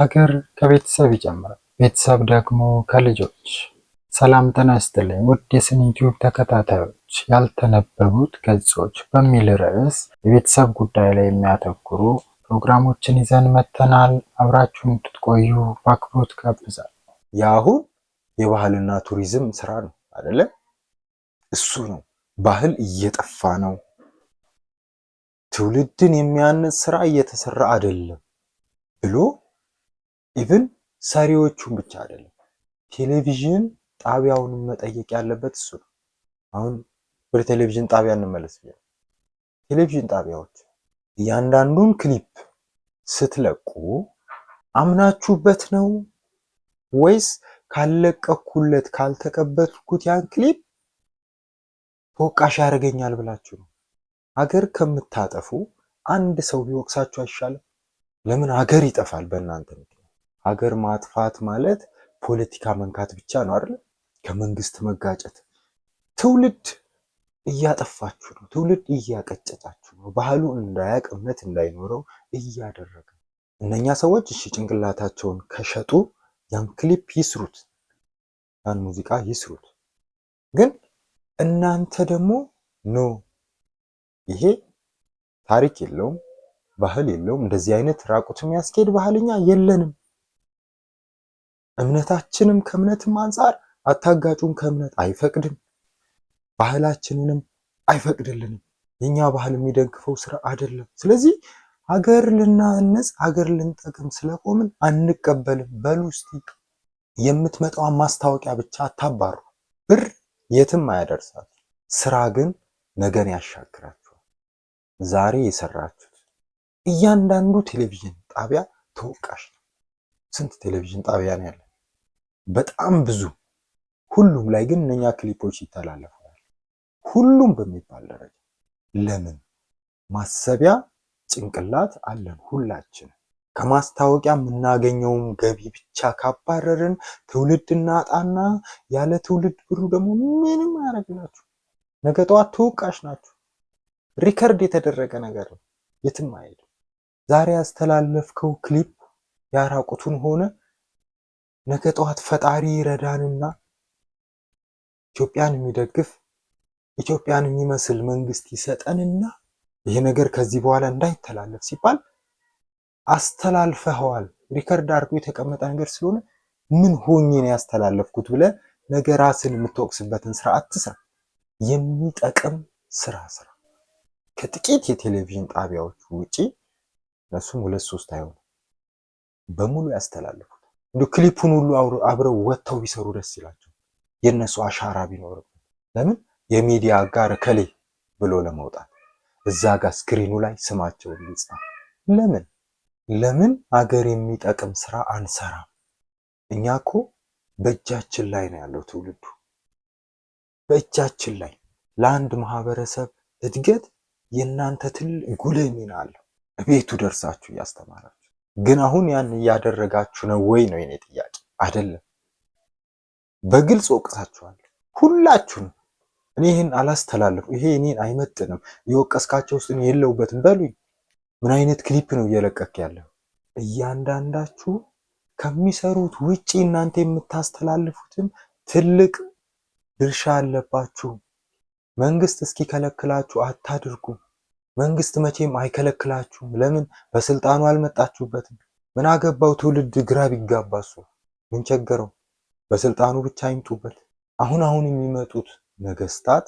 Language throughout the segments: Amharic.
ሀገር ከቤተሰብ ይጀምራል። ቤተሰብ ደግሞ ከልጆች። ሰላም ጤና ይስጥልኝ ውድ የስኒ ዩቲዩብ ተከታታዮች፣ ያልተነበቡት ገጾች በሚል ርዕስ የቤተሰብ ጉዳይ ላይ የሚያተኩሩ ፕሮግራሞችን ይዘን መጥተናል። አብራችሁን ትቆዩ በአክብሮት ጋብዛለሁ። የአሁን የባህልና ቱሪዝም ስራ ነው አይደለ? እሱ ነው። ባህል እየጠፋ ነው። ትውልድን የሚያንጽ ስራ እየተሰራ አይደለም ብሎ ኢቭን ሰሪዎቹን ብቻ አይደለም ቴሌቪዥን ጣቢያውን መጠየቅ ያለበት እሱ ነው። አሁን ወደ ቴሌቪዥን ጣቢያ እንመለስ። ቴሌቪዥን ጣቢያዎች እያንዳንዱን ክሊፕ ስትለቁ አምናችሁበት ነው ወይስ ካልለቀኩለት ካልተቀበልኩት ያን ክሊፕ ተወቃሽ ያደርገኛል ብላችሁ ነው? ሀገር ከምታጠፉ አንድ ሰው ቢወቅሳችሁ አይሻልም? ለምን ሀገር ይጠፋል በእናንተ ምክንያት? ሀገር ማጥፋት ማለት ፖለቲካ መንካት ብቻ ነው አይደል? ከመንግስት መጋጨት። ትውልድ እያጠፋችሁ ነው። ትውልድ እያቀጨጫችሁ ነው። ባህሉ እንዳያቅ እምነት እንዳይኖረው እያደረገ እነኛ ሰዎች እሺ፣ ጭንቅላታቸውን ከሸጡ ያን ክሊፕ ይስሩት፣ ያን ሙዚቃ ይስሩት። ግን እናንተ ደግሞ ኖ ይሄ ታሪክ የለውም ባህል የለውም እንደዚህ አይነት ራቁት የሚያስኬድ ባህልኛ የለንም እምነታችንም ከእምነትም አንጻር አታጋጩን ከእምነት አይፈቅድም፣ ባህላችንንም አይፈቅድልንም። የእኛ ባህል የሚደግፈው ስራ አይደለም። ስለዚህ ሀገር ልናነጽ ሀገር ልንጠቅም ስለቆምን አንቀበልም። በሉ እስቲ የምትመጣዋን ማስታወቂያ ብቻ አታባሩ። ብር የትም አያደርሳት፣ ስራ ግን ነገን ያሻግራችኋል። ዛሬ የሰራችሁት እያንዳንዱ ቴሌቪዥን ጣቢያ ተወቃሽ ነው። ስንት ቴሌቪዥን ጣቢያ ነው ያለ? በጣም ብዙ ሁሉም ላይ ግን እነኛ ክሊፖች ይተላለፋል። ሁሉም በሚባል ደረጃ ለምን ማሰቢያ ጭንቅላት አለን ሁላችን። ከማስታወቂያ የምናገኘውም ገቢ ብቻ ካባረርን ትውልድ እናጣና ያለ ትውልድ ብሩ ደግሞ ምንም አያደርግላችሁ። ነገ ጠዋት ተወቃሽ ናችሁ። ሪከርድ የተደረገ ነገር ነው፣ የትም አይሄድም። ዛሬ ያስተላለፍከው ክሊፕ ያራቁቱን ሆነ ነገ ጠዋት ፈጣሪ ይረዳንና ኢትዮጵያን የሚደግፍ ኢትዮጵያን የሚመስል መንግስት ይሰጠንና ይሄ ነገር ከዚህ በኋላ እንዳይተላለፍ ሲባል አስተላልፈኸዋል። ሪከርድ አድርጎ የተቀመጠ ነገር ስለሆነ ምን ሆኜ ነው ያስተላለፍኩት ብለህ ነገ ራስን የምትወቅስበትን ስራ አትስራ። የሚጠቅም ስራ ስራ። ከጥቂት የቴሌቪዥን ጣቢያዎች ውጪ እነሱም ሁለት ሶስት አይሆኑ በሙሉ ያስተላልፉ። እንዲ ክሊፑን ሁሉ አብረው ወጥተው ቢሰሩ ደስ ይላቸው። የእነሱ አሻራ ቢኖርም ለምን የሚዲያ ጋር ከሌ ብሎ ለመውጣት እዛ ጋር ስክሪኑ ላይ ስማቸውን ሊጻፍ ለምን ለምን አገር የሚጠቅም ስራ አንሰራም? እኛ እኮ በእጃችን ላይ ነው ያለው ትውልዱ በእጃችን ላይ ለአንድ ማህበረሰብ እድገት የእናንተ ትልቅ ጉልህ ሚና አለው። ቤቱ ደርሳችሁ እያስተማራችሁ ግን አሁን ያን እያደረጋችሁ ነው ወይ ነው የኔ ጥያቄ። አይደለም፣ በግልጽ ወቅሳችኋል ሁላችሁን። እኔ ይህን አላስተላለፉ፣ ይሄ እኔን አይመጥንም፣ የወቀስካቸው ውስጥ የለውበትም በሉኝ። ምን አይነት ክሊፕ ነው እየለቀክ ያለው? እያንዳንዳችሁ ከሚሰሩት ውጪ እናንተ የምታስተላልፉትም ትልቅ ድርሻ አለባችሁ። መንግስት እስኪከለክላችሁ አታድርጉ። መንግስት መቼም አይከለክላችሁም። ለምን በስልጣኑ አልመጣችሁበትም? ምን አገባው ትውልድ ግራ ቢጋባ እሱ ምን ቸገረው? በስልጣኑ ብቻ አይምጡበት። አሁን አሁን የሚመጡት ነገስታት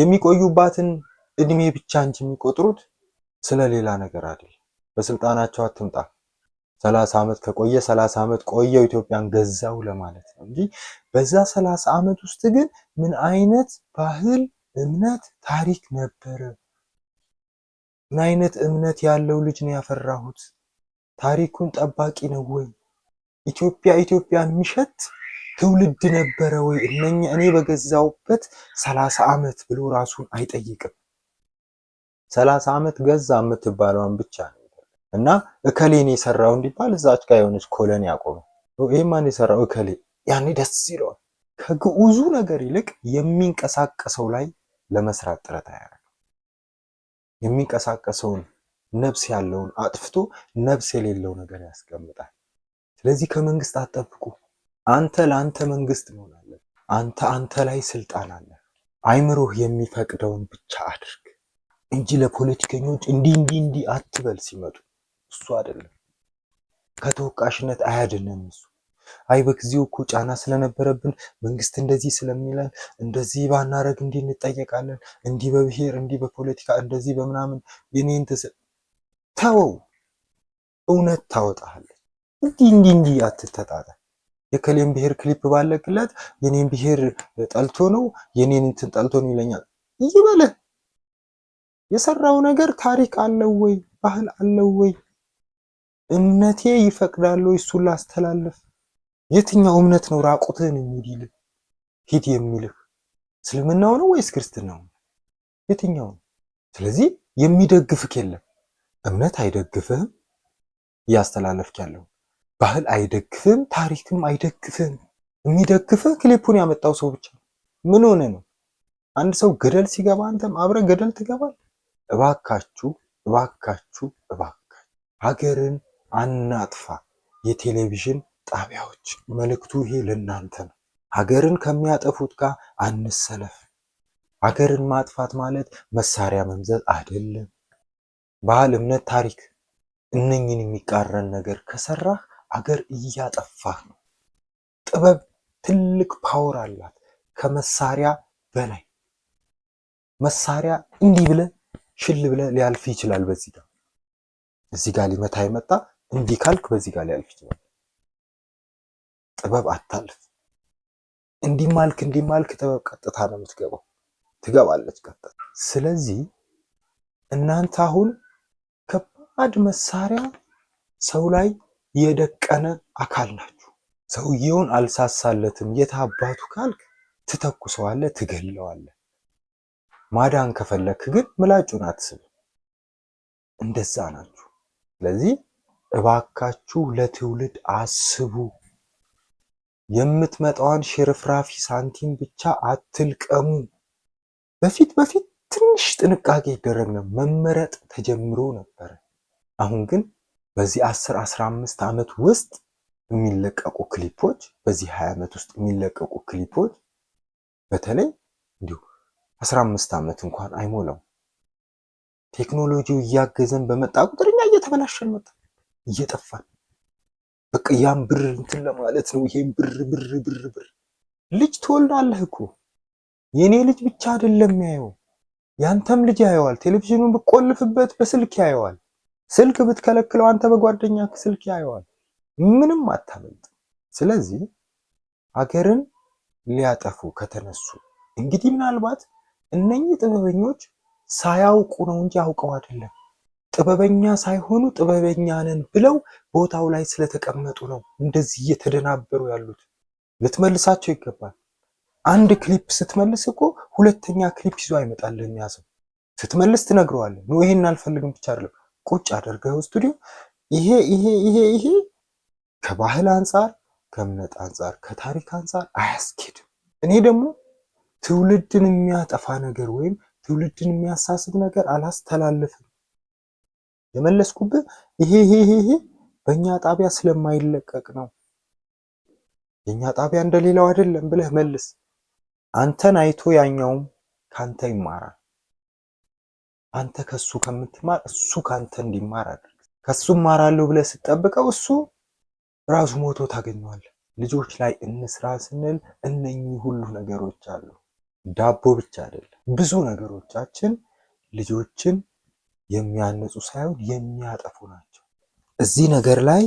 የሚቆዩባትን እድሜ ብቻ እንጂ የሚቆጥሩት ስለ ሌላ ነገር አይደል። በስልጣናቸው አትምጣ። ሰላሳ ዓመት ከቆየ ሰላሳ ዓመት ቆየው ኢትዮጵያን ገዛው ለማለት ነው እንጂ በዛ ሰላሳ ዓመት ውስጥ ግን ምን አይነት ባህል፣ እምነት፣ ታሪክ ነበረ ምን አይነት እምነት ያለው ልጅ ነው ያፈራሁት? ታሪኩን ጠባቂ ነው ወይ? ኢትዮጵያ ኢትዮጵያ የሚሸት ትውልድ ነበረ ወይ? እነኛ እኔ በገዛውበት ሰላሳ ዓመት ብሎ ራሱን አይጠይቅም። ሰላሳ ዓመት ገዛ የምትባለውን ብቻ ነው እና እከሌን የሰራው እንዲባል እዛች ጋር የሆነች ኮለን ያቆመ ይህ ማን የሰራው እከሌ፣ ያኔ ደስ ይለዋል። ከግዑዙ ነገር ይልቅ የሚንቀሳቀሰው ላይ ለመስራት ጥረት አያደርግም። የሚንቀሳቀሰውን ነብስ ያለውን አጥፍቶ ነፍስ የሌለው ነገር ያስቀምጣል። ስለዚህ ከመንግስት አትጠብቁ። አንተ ለአንተ መንግስት መሆናለን። አንተ አንተ ላይ ስልጣን አለ። አይምሮህ የሚፈቅደውን ብቻ አድርግ እንጂ ለፖለቲከኞች እንዲህ እንዲህ እንዲህ አትበል ሲመጡ እሱ አይደለም ከተወቃሽነት አያድንም እሱ አይ በጊዜው እኮ ጫና ስለነበረብን መንግስት እንደዚህ ስለሚለን እንደዚህ ባናረግ እንዲህ እንጠየቃለን፣ እንዲህ በብሔር እንዲህ በፖለቲካ እንደዚህ በምናምን የኔን ተወው። እውነት ታወጣለች። እንዲህ እንዲህ እንዲህ አትተጣጣ። የከሌን ብሔር ክሊፕ ባለቅለት የኔን ብሔር ጠልቶ ነው የኔን እንትን ጠልቶ ነው ይለኛል። ይበለ የሰራው ነገር ታሪክ አለው ወይ? ባህል አለው ወይ? እምነቴ ይፈቅዳል ወይ? እሱን ላስተላልፍ የትኛው እምነት ነው ራቁትህን የሚድልህ ሂድ የሚልህ? እስልምናው ነው ወይስ ክርስትናው? የትኛው ነው? ስለዚህ የሚደግፍክ የለም። እምነት አይደግፍህም፣ እያስተላለፍክ ያለው ባህል አይደግፍህም፣ ታሪክም አይደግፍህም። የሚደግፍህ ክሊፑን ያመጣው ሰው ብቻ ነው። ምን ሆነ ነው? አንድ ሰው ገደል ሲገባ አንተም አብረህ ገደል ትገባል እባካችሁ እባካችሁ እባካችሁ ሀገርን አናጥፋ የቴሌቪዥን ጣቢያዎች መልእክቱ ይሄ ለእናንተ ነው። ሀገርን ከሚያጠፉት ጋር አንሰለፍ። ሀገርን ማጥፋት ማለት መሳሪያ መምዘዝ አይደለም። ባህል፣ እምነት፣ ታሪክ እነኝን የሚቃረን ነገር ከሰራህ አገር እያጠፋህ ነው። ጥበብ ትልቅ ፓወር አላት ከመሳሪያ በላይ። መሳሪያ እንዲህ ብለ ሽል ብለ ሊያልፍ ይችላል። በዚህ ጋር እዚህ ጋር ሊመታ ይመጣ እንዲህ ካልክ በዚህ ጋር ሊያልፍ ይችላል። ጥበብ አታልፍ። እንዲማልክ እንዲማልክ ጥበብ ቀጥታ ነው የምትገባው፣ ትገባለች ቀጥታ። ስለዚህ እናንተ አሁን ከባድ መሳሪያ ሰው ላይ የደቀነ አካል ናችሁ። ሰውየውን አልሳሳለትም የት አባቱ ካልክ ትተኩሰዋለ ትገለዋለ ማዳን ከፈለክ ግን ምላጩን አትስብ። እንደዛ ናችሁ። ስለዚህ እባካችሁ ለትውልድ አስቡ። የምትመጣዋን ሽርፍራፊ ሳንቲም ብቻ አትልቀሙ። በፊት በፊት ትንሽ ጥንቃቄ ይደረግ መመረጥ ተጀምሮ ነበር አሁን ግን በዚህ 10 15 ዓመት ውስጥ የሚለቀቁ ክሊፖች በዚህ 20 ዓመት ውስጥ የሚለቀቁ ክሊፖች በተለይ እንዲሁ 15 ዓመት እንኳን አይሞላው ቴክኖሎጂው እያገዘን በመጣ ቁጥር እኛ እየተበላሸን መጣ እየጠፋን በቃ ያን ብር እንትን ለማለት ነው። ይሄን ብር ብር ብር ብር ልጅ ትወልዳለህ እኮ የኔ ልጅ ብቻ አይደለም ያየው፣ ያንተም ልጅ ያየዋል። ቴሌቪዥኑን ብቆልፍበት በስልክ ያየዋል። ስልክ ብትከለክለው አንተ በጓደኛ ስልክ ያየዋል። ምንም አታመልጥ። ስለዚህ ሀገርን ሊያጠፉ ከተነሱ እንግዲህ ምናልባት እነኚህ ጥበበኞች ሳያውቁ ነው እንጂ አውቀው አይደለም። ጥበበኛ ሳይሆኑ ጥበበኛ ነን ብለው ቦታው ላይ ስለተቀመጡ ነው እንደዚህ እየተደናበሩ ያሉት። ልትመልሳቸው ይገባል። አንድ ክሊፕ ስትመልስ እኮ ሁለተኛ ክሊፕ ይዞ አይመጣልን ያ ሰው ስትመልስ ትነግረዋለህ። ነው ይሄን አልፈልግም ብቻ አይደለም ቁጭ አድርገው ስቱዲዮ ይሄ ይሄ ይሄ ይሄ ከባህል አንጻር፣ ከእምነት አንጻር፣ ከታሪክ አንጻር አያስኬድም። እኔ ደግሞ ትውልድን የሚያጠፋ ነገር ወይም ትውልድን የሚያሳስብ ነገር አላስተላልፍም። የመለስኩብህ ይሄ ይሄ በእኛ ጣቢያ ስለማይለቀቅ ነው። የእኛ ጣቢያ እንደሌላው አይደለም ብለህ መልስ። አንተን አይቶ ያኛውም ካንተ ይማራል። አንተ ከሱ ከምትማር እሱ ካንተ እንዲማር አድርግ። ከሱ እማራለሁ ብለህ ስትጠብቀው እሱ ራሱ ሞቶ ታገኘዋለህ። ልጆች ላይ እንስራ ስንል እነኚህ ሁሉ ነገሮች አሉ። ዳቦ ብቻ አይደለም፣ ብዙ ነገሮቻችን ልጆችን የሚያንጹ ሳይሆን የሚያጠፉ ናቸው። እዚህ ነገር ላይ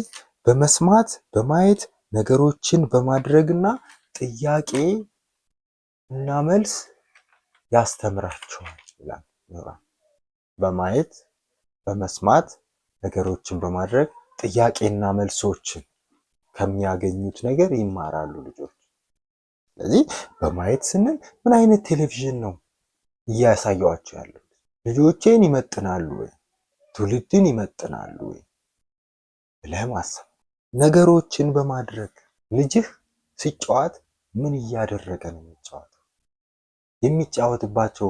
በመስማት በማየት ነገሮችን በማድረግና ጥያቄ እና መልስ ያስተምራቸዋል ይላል በማየት በመስማት ነገሮችን በማድረግ ጥያቄና መልሶችን ከሚያገኙት ነገር ይማራሉ ልጆች። ስለዚህ በማየት ስንል ምን አይነት ቴሌቪዥን ነው እያሳየዋቸው ያለው? ልጆቼን ይመጥናሉ ወይ? ትውልድን ይመጥናሉ ወይ ብለህ ማሰብ። ነገሮችን በማድረግ ልጅህ ሲጫወት ምን እያደረገ ነው የሚጫወተው? የሚጫወትባቸው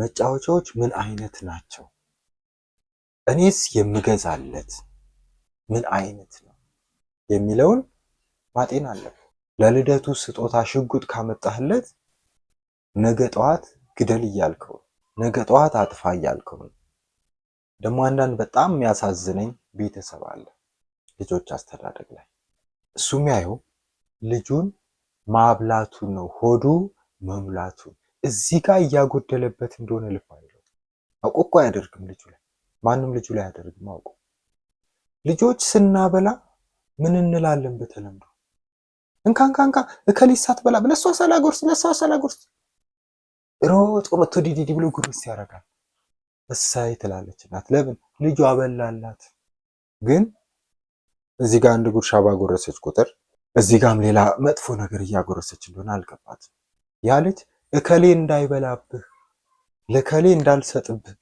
መጫወቻዎች ምን አይነት ናቸው? እኔስ የምገዛለት ምን አይነት ነው የሚለውን ማጤን አለብህ። ለልደቱ ስጦታ ሽጉጥ ካመጣህለት ነገ ጠዋት ግደል እያልከው ነገ ጠዋት አጥፋ እያልከው ነው። ደግሞ አንዳንድ በጣም የሚያሳዝነኝ ቤተሰብ አለ ልጆች አስተዳደግ ላይ እሱ የሚያየው ልጁን ማብላቱ ነው፣ ሆዱ መሙላቱ እዚህ ጋር እያጎደለበት እንደሆነ ልብ አይለው። አውቆ እኮ አያደርግም ልጁ ላይ ማንም ልጁ ላይ አያደርግም አውቆ። ልጆች ስናበላ ምን እንላለን? በተለምዶ እንካ እንካ እንካ እከሊሳት በላ ብለሷ ሰላጎርስ ለሷ ሰላጎርስ ሮጦ መጥቶ ዲዲዲ ብሎ ጉርስ ያደርጋል። እሳይ ትላለች እናት። ለምን ልጇ አበላላት። ግን እዚህ ጋር አንድ ጉርሻ ባጎረሰች ቁጥር እዚህ ጋም ሌላ መጥፎ ነገር እያጎረሰች እንደሆነ አልገባት። ያ ልጅ እከሌ እንዳይበላብህ ለከሌ እንዳልሰጥብህ